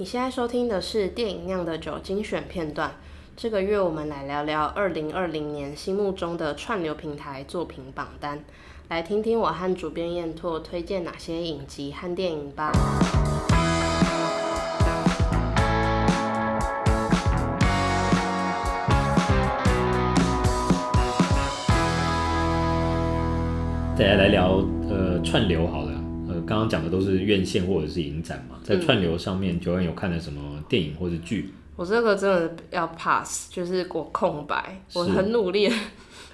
你現在收聽的是電影釀的酒精選片段。這個月我們來聊聊二零二零年心目中的串流平台作品榜單，來聽聽我和主編燕拓推薦哪些影集和電影吧。大家來聊，呃，串流好了。剛剛講的都是院線或者是影展嘛，在串流上面，究竟有看的什麼電影或者劇，嗯？我這個真的要 pass，就是我空白，是我很努力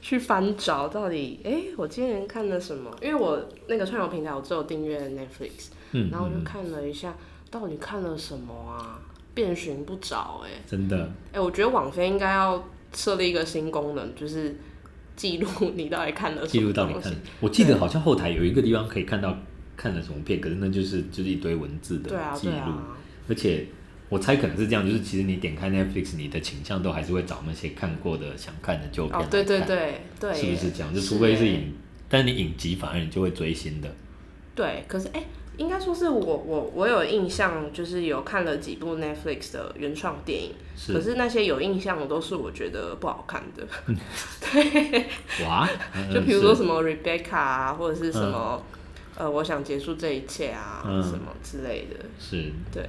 去翻找，到底哎，欸，我今年看了什麼？因為我那個串流平台，我只有訂閱 Netflix，嗯，然後就看了一下，到底看了什麼啊？遍尋不着，欸，哎，真的，哎，欸，我覺得網飛應該要設立一個新功能，就是記錄你到底看了什麼，記錄到底，看，我記得好像後台有一個地方可以看到，看了什麼片？可是那就是就是一堆文字的記錄，對啊對啊，而且我猜可能是這樣，就是其實你點開 Netflix，你的傾向都還是會找那些看過的、想看的舊片來看。對、哦、對對對，對是不是這樣？就除非是影，是耶但你影集反而你就會追新的。對，可是哎、欸，應該說是我我我有印象，就是有看了幾部 Netflix 的原創電影，是可是那些有印象的都是我覺得不好看的。 對，哇，嗯嗯 就比如說什麼 Rebecca 啊，是或者是什麼、嗯。呃，我想結束這一切啊，嗯、什麼之類的，是對，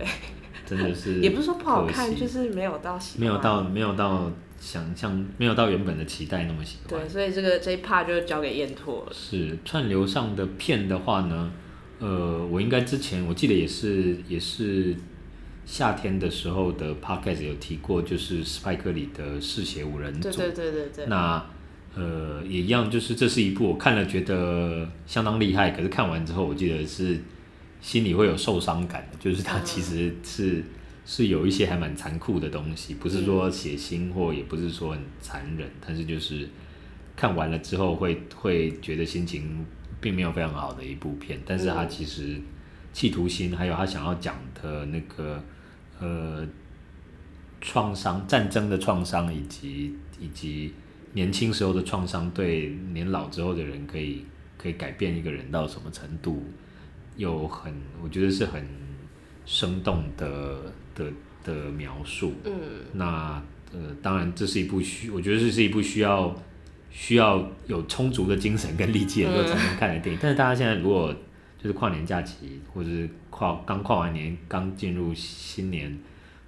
真的是 也不是說不好看，就是沒有到沒有到沒有到想象，嗯、沒有到原本的期待那麼喜歡。對，所以這個這一 part 就交給燕拓了。是串流上的片的話呢，呃，我應該之前我記得也是也是夏天的時候的 podcast 有提過，就是 Spike 李的誓血五人組，對,對對對對對，那。呃，也一樣，就是這是一部我看了覺得相當厲害，可是看完之後，我記得是心裡會有受傷感，就是它其實是、嗯、是有一些還蠻殘酷的東西，不是說血腥或也不是說很殘忍，但是就是看完了之後會會覺得心情並沒有非常好的一部片，但是它其實企圖心還有他想要講的那個呃創傷戰爭的創傷以及以及，以及年輕時候的創傷對年老之後的人可以可以改變一個人到什麼程度，有很我覺得是很生動的的的描述。嗯，那呃，當然這是一部需，我覺得這是一部需要需要有充足的精神跟力氣的才能看的電影。嗯，但是大家現在如果就是跨年假期或者是跨剛跨完年剛進入新年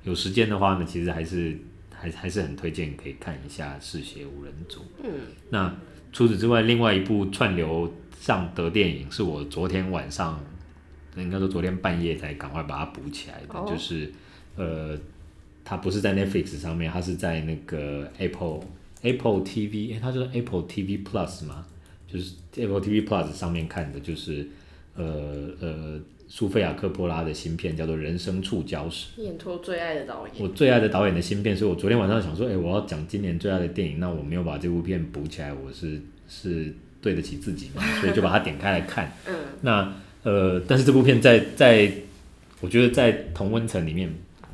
有時間的話呢，其實還是。還還是很推薦可以看一下《誓血五人組》。嗯，那除此之外，另外一部串流上的電影是我昨天晚上，應該說昨天半夜才趕快把它補起來的，哦、就是呃，它不是在 Netflix 上面，它是在那個 Apple Apple TV，、欸、它就是 Apple TV Plus 嘛，就是 Apple TV Plus 上面看的，就是呃呃。呃蘇菲亞·克波拉的新片叫做《人生觸礁史》，我最愛的導演，我最愛的導演的新片，所以我昨天晚上想說，哎、欸，我要講今年最愛的電影，那我沒有把這部片補起來，我是是對得起自己嘛，所以就把它點開來看。 嗯，那呃，但是這部片在在，我覺得在同溫層裡面，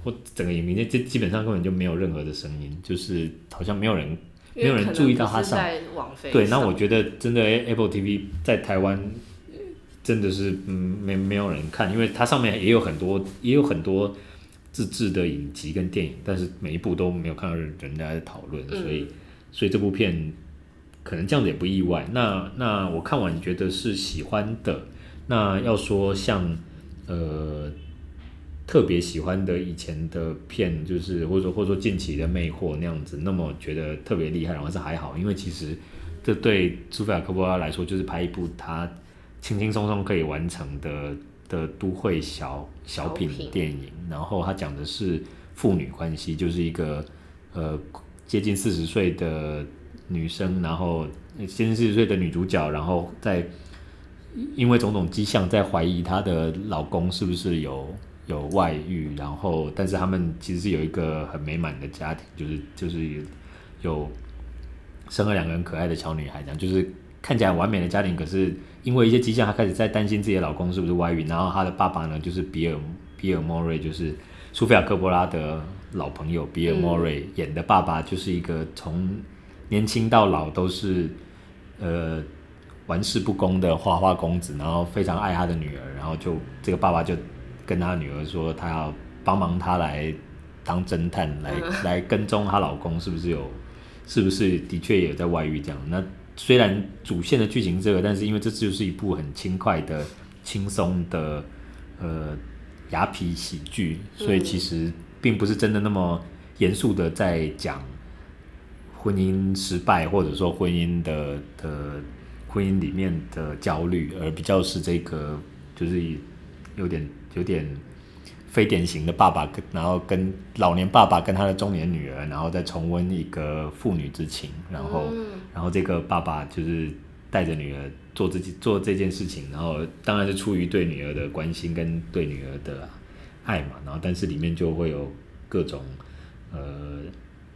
我整個影迷界，基本上根本就沒有任何的聲音，就是好像沒有人，沒有人注意到它上。對，那我覺得真的、欸、Apple TV 在台灣。真的是嗯，沒沒有人看，因為它上面也有很多也有很多自制的影集跟電影，但是每一部都沒有看到人人家在討論，嗯、所以所以這部片可能這樣子也不意外。那那我看完覺得是喜歡的，那要說像呃特別喜歡的以前的片，就是或者說或者說近期的《魅惑》那樣子，那麼覺得特別厲害，然後是還好，因為其實這對蘇菲亞科波拉來說就是拍一部他。輕輕鬆鬆可以完成的的都會小小品電影，小品。然後它講的是父女關係，就是一個呃接近四十歲的女生，嗯、然後接近四十歲的女主角，然後在因為種種跡象在懷疑她的老公是不是有有外遇，然後但是他們其實是有一個很美滿的家庭，就是就是有生了兩個很可愛的小女孩，這樣就是。看起來完美的家庭，可是因為一些跡象，她開始在擔心自己的老公是不是外遇。然後她的爸爸呢，就是比爾比爾莫瑞，就是蘇菲亞科波拉的老朋友比爾莫瑞、嗯、演的爸爸，就是一個從年輕到老都是呃玩世不恭的花花公子，然後非常愛他的女兒，然後就這個爸爸就跟他女兒說，他要幫忙他來當偵探，來來跟蹤她老公是不是有、嗯、是不是的確也有在外遇這樣那。雖然主線的劇情是這個，但是因為這就是一部很輕快的、輕鬆的呃雅痞喜劇，所以其實並不是真的那麼嚴肅的在講婚姻失敗，或者說婚姻的的婚姻裡面的焦慮，而比較是這個就是有點有點。非典型的爸爸跟，然後跟老年爸爸跟他的中年女兒，然後再重溫一個父女之情，然後，然後這個爸爸就是帶着女兒做自己做這件事情，然後當然是出於對女兒的關心跟對女兒的愛嘛，然後但是裡面就會有各種，呃，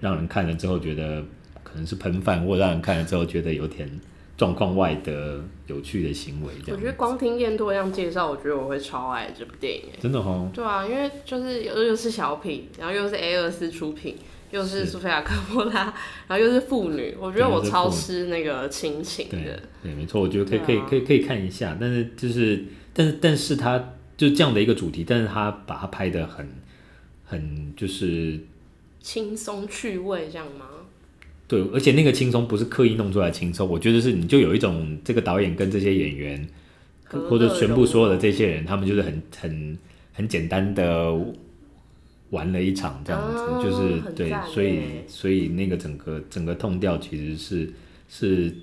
讓人看了之後覺得可能是噴飯，或者讓人看了之後覺得有點。狀況外的有趣的行為，我覺得光聽硯拓這樣介紹，我覺得我會超愛這部電影。真的哦、嗯？對啊，因為就是又是小品，然後又是 A24 出品，又是蘇菲亞科波拉，是然後又是婦女，我覺得我超吃那個親情的對。對，沒錯，我覺得可以，啊、可以，可以，可以看一下。但是就是，但是，但是他就這樣的一個主題，但是他把它拍得很，很就是輕鬆趣味，這樣嗎？對，而且那個輕鬆不是刻意弄出來輕鬆，我覺得是你就有一種這個導演跟這些演員，或者全部所有的這些人，他們就是很很很簡單的玩了一場這樣子，哦、就是對，所以所以那個整個整個 tone 調其實是是。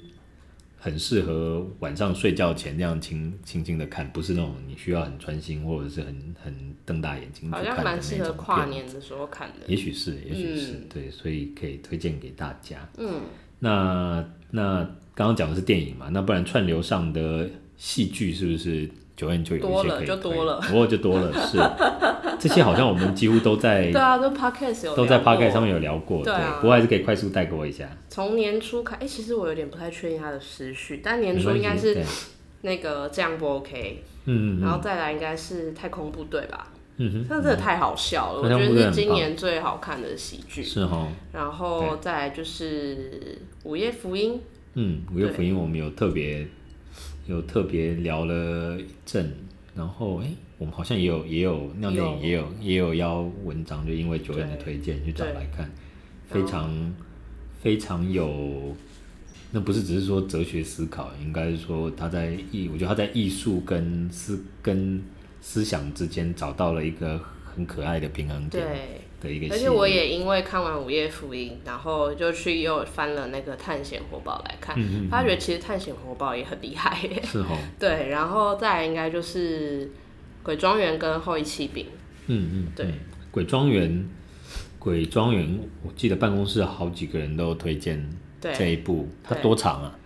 很適合晚上睡覺前那樣輕輕輕的看，不是那種你需要很專心或者是很很瞪大眼睛去看的那種。好像蠻適合跨年的時候看的。也許是，也許是，嗯、對，所以可以推薦給大家。嗯，那那剛剛講的是電影嘛，那不然串流上的戲劇是不是？九 N 就多了，些可以，不過就多了，是這些好像我們幾乎都在對啊，都 podcast 都在 podcast 上面有聊過，對，不過還是可以快速帶給我一下。從年初開，哎，其實我有點不太確定它的時序，但年初應該是那個《這樣不 OK》，嗯，然後再來應該是《太空部隊》吧，嗯哼，那真的太好笑了，我覺得是今年最好看的喜劇，是哦，然後再來就是《午夜福音》，嗯，《午夜福音》我們有特別。有特別聊了一陣，然後誒、欸，我們好像也有也有那裡也有 Yeah. 也有邀文章，就因為九年的推薦對去找來看，對非常後非常有，那不是只是說哲學思考，應該是說他在藝，我覺得他在藝術跟思跟思想之間找到了一個很可愛的平衡點。對。而且我也因為看完《午夜福音》，然後就去又翻了那個《探險活寶》來看，嗯嗯嗯，發覺其實《探險活寶》也很厲害耶。是哦齁，對，然後再來應該就是鬼《鬼莊園》跟《後翼棄兵》。嗯嗯。對，鬼《鬼莊園》《鬼莊園》，我記得辦公室好幾個人都推薦這一部。對它多長啊？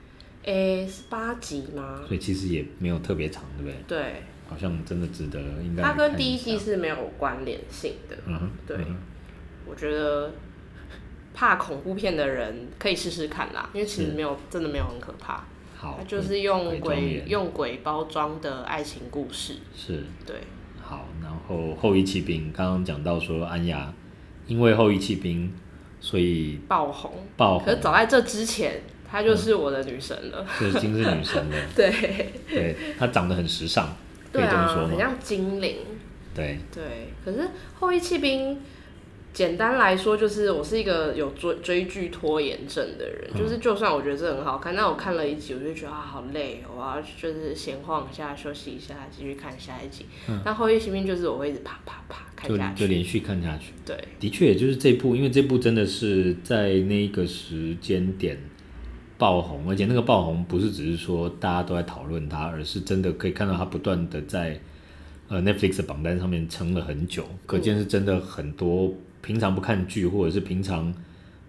誒、欸，是八集嗎？所以其實也沒有特別長，對不對？對。好像真的值得，應該它跟第一季是沒有關聯性的。嗯，對，我覺得怕恐怖片的人可以試試看啦，因為其實沒有，真的沒有很可怕。好，它就是用鬼用鬼包裝的愛情故事。是，對。好，然後《後翼棄兵》剛剛講到說安雅，因為《後翼棄兵》所以爆紅爆紅。可是早在這之前，她就是我的女神了，就已經是女神了。對，對，她長得很時尚。對啊，很像精靈。對對，可是《後翼棄兵》簡單來說就是，我是一個有追追劇拖延症的人，嗯、就是就算我覺得這很好看，但我看了一集，我就覺得啊好累，我要就是閒晃一下，休息一下，繼續看下一集。嗯，但《後翼棄兵》就是我會一直啪啪啪看下去，就連續看下去。對，的確，也就是這部，因為這部真的是在那個時間點。爆紅，而且那個爆紅不是只是說大家都在討論它，而是真的可以看到它不斷的在呃 Netflix 的榜單上面撐了很久，可見是真的很多平常不看劇或者是平常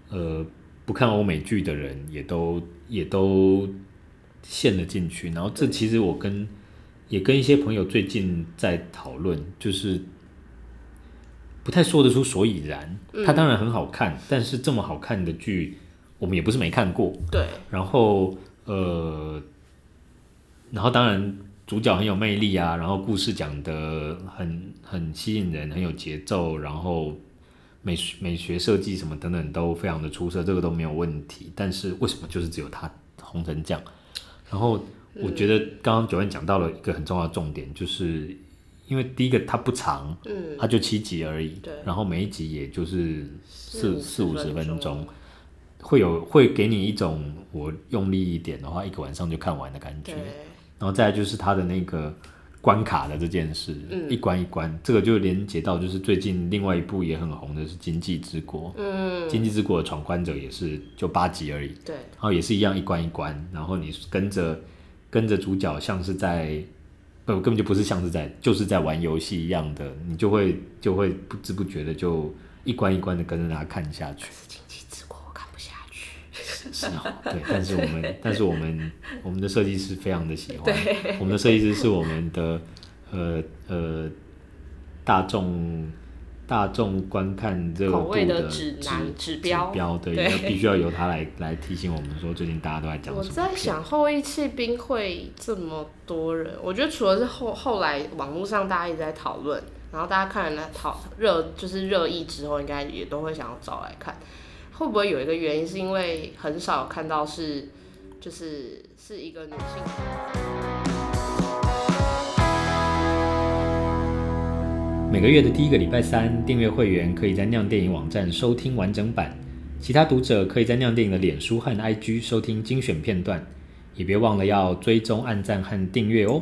呃不看歐美劇的人也都也都陷了進去。然後這其實我跟也跟一些朋友最近在討論，就是不太說得出所以然。它當然很好看，但是這麼好看的劇。我們也不是沒看過，嗯、對。然後，呃，嗯、然後當然主角很有魅力啊，然後故事講得很很吸引人，很有節奏，然後美美學設計什麼等等都非常的出色，這個都沒有問題。但是為什麼就是只有他紅成這樣？然後、嗯、我覺得剛剛九萬講到了一個很重要的重點，就是因為第一個它不長，嗯、他它就七集而已，對然後每一集也就是四、嗯、四五十，五十分鐘。嗯會有會給你一種我用力一點的話，一個晚上就看完的感覺。Okay. 然後再來就是他的那個關卡的這件事，嗯、一關一關，這個就連接到就是最近另外一部也很紅的是《今際之國》。嗯。《今際之國》的闖關者也是就八集而已。對。然後也是一樣一關一關，然後你跟着跟着主角像是在，不、呃、根本就不是像是在就是在玩遊戲一樣的，你就會就會不知不覺的就一關一關的跟着他看下去。 是哦，對，但是我們， 但是我們，我們的設計師非常的喜歡。對我們的設計師是我們的，呃呃，大眾，大眾觀看這個口味的指指標，指標，對，對對必須要由他來來提醒我們說，最近大家都在講什麼，我在想後翼棄兵會這麼多人，我覺得除了是後後來網絡上大家一直在討論，然後大家看了那討熱，就是熱議之後，應該也都會想要找來看。會不會有一個原因，是因為很少看到是，就是是一個女性？每個月的第一個禮拜三，訂閱會員可以在釀電影網站收聽完整版，其他讀者可以在釀電影的臉書和 IG 收聽精選片段，也別忘了要追蹤、按讚和訂閱哦。